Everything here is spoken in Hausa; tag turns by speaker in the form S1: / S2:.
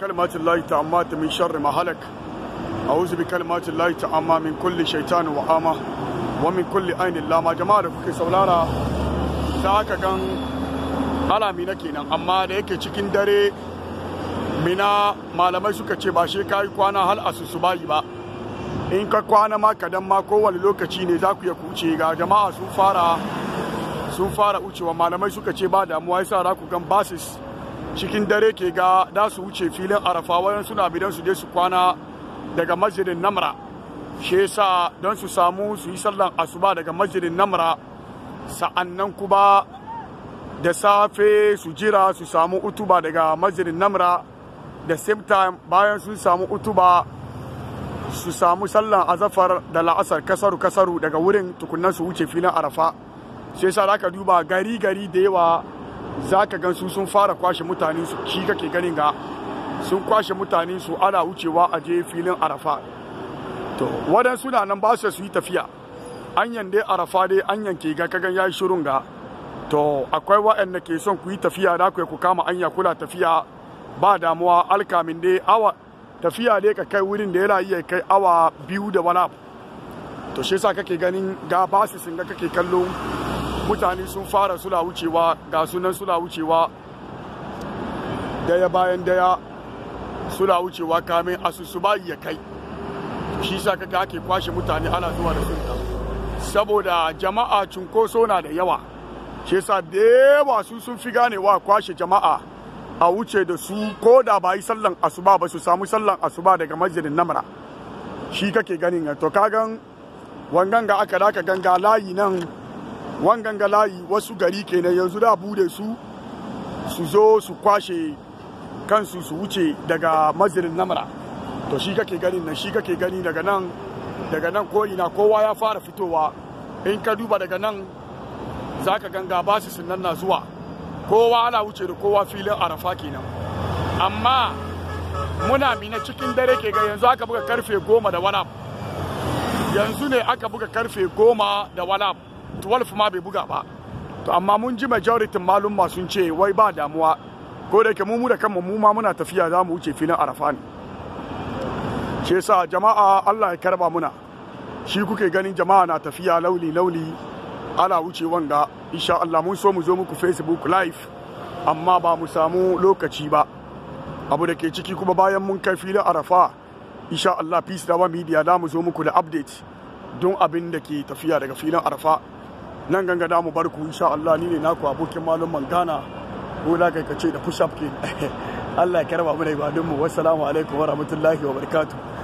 S1: كلمات الله تعمات من شر ما هلك أعوذ بكلمات الله تعمى من كل شيطان وعامة ومن كل عين لامة جماعة kuke saurara za ka gan alamina kenan amma da yake cikin dare mina malamai suka ce ba shi kayi kwana hal asusu bayi ba in ka kwana ma kadan ma kowane lokaci ne zaku ya kuce ga jama'a sun fara sun fara wucewa malamai suka ce ba damuwa sa za ku gan basis cikin dare ke ga da su wuce filin arafa wayan suna bidan su je su kwana daga masjidin namra shi yasa don su samu su yi sallan asuba daga masjidin namra sa'annan kuma da safe su jira su samu utuba daga masjidin namra da same time bayan sun samu utuba su samu sallan azafar da la'asar kasaru kasaru daga wurin tukunan su wuce filin arafa shi yasa zaka duba gari gari da yawa zaka ka gan su sun fara kwashe mutanen su ki kake ganin ga sun kwashe mutanen su ana wucewa a je filin arafa to waɗansu na nan ba su su yi tafiya anyan dai arafa dai anyan ke ga kagan ya yi ga to akwai waɗanda ke son ku yi tafiya da ku kama anya kula tafiya ba damuwa alkamin dai awa tafiya dai ka kai wurin da yana iya kai awa biyu da wani abu to shi yasa kake ganin ga basi sun ga kake kallo mutane sun fara sula wucewa ga sunan sula wucewa daya bayan daya sula wucewa kamin bayi ya kai shi sa kaga ake kwashe mutane ana zuwa da saboda jama'a cunkoso na da yawa shi sa da yawa su sun fi ganewa kwashe jama'a a wuce da su ko da ba yi sallan asuba ba su samu sallan asuba daga masjidin namara. shi kake ganin to kagan wangan ga aka daka ganga layi nan wangan layi wasu gari kenan yanzu da bude su su zo su kwashe kansu su wuce daga mazirin namara. to shi kake gani nan shi kake gani daga nan daga nan ko ina, kowa ya fara fitowa in ka duba daga nan za ka ganga ba su sunan na zuwa kowa ana wuce da kowa filin arafa kenan amma muna mina cikin dare ke ga yanzu aka buga karfe goma da wani yanzu ne aka buga karfe goma da wani 12 ma bai buga ba to amma mun ji majority malum ma sun ce wai ba damuwa ko da yake mu da kanmu mu ma muna tafiya za mu wuce filin arafa ne shi yasa jama'a Allah ya karba muna shi kuke ganin jama'a na tafiya lauli lauli ala wuce wanga insha Allah mun so mu zo muku Facebook live amma ba mu samu lokaci ba abu da ke ciki kuma bayan mun kai filin arafa insha Allah peace dawa media za mu zo muku da update don abin da ke tafiya daga filin arafa nan ganga da mu barku insha Allah ni ne naku abokin malum mangana ko za ka ce da push up ke Allah ya karba mu da ibadun mu wassalamu alaikum wa rahmatullahi wa barakatuh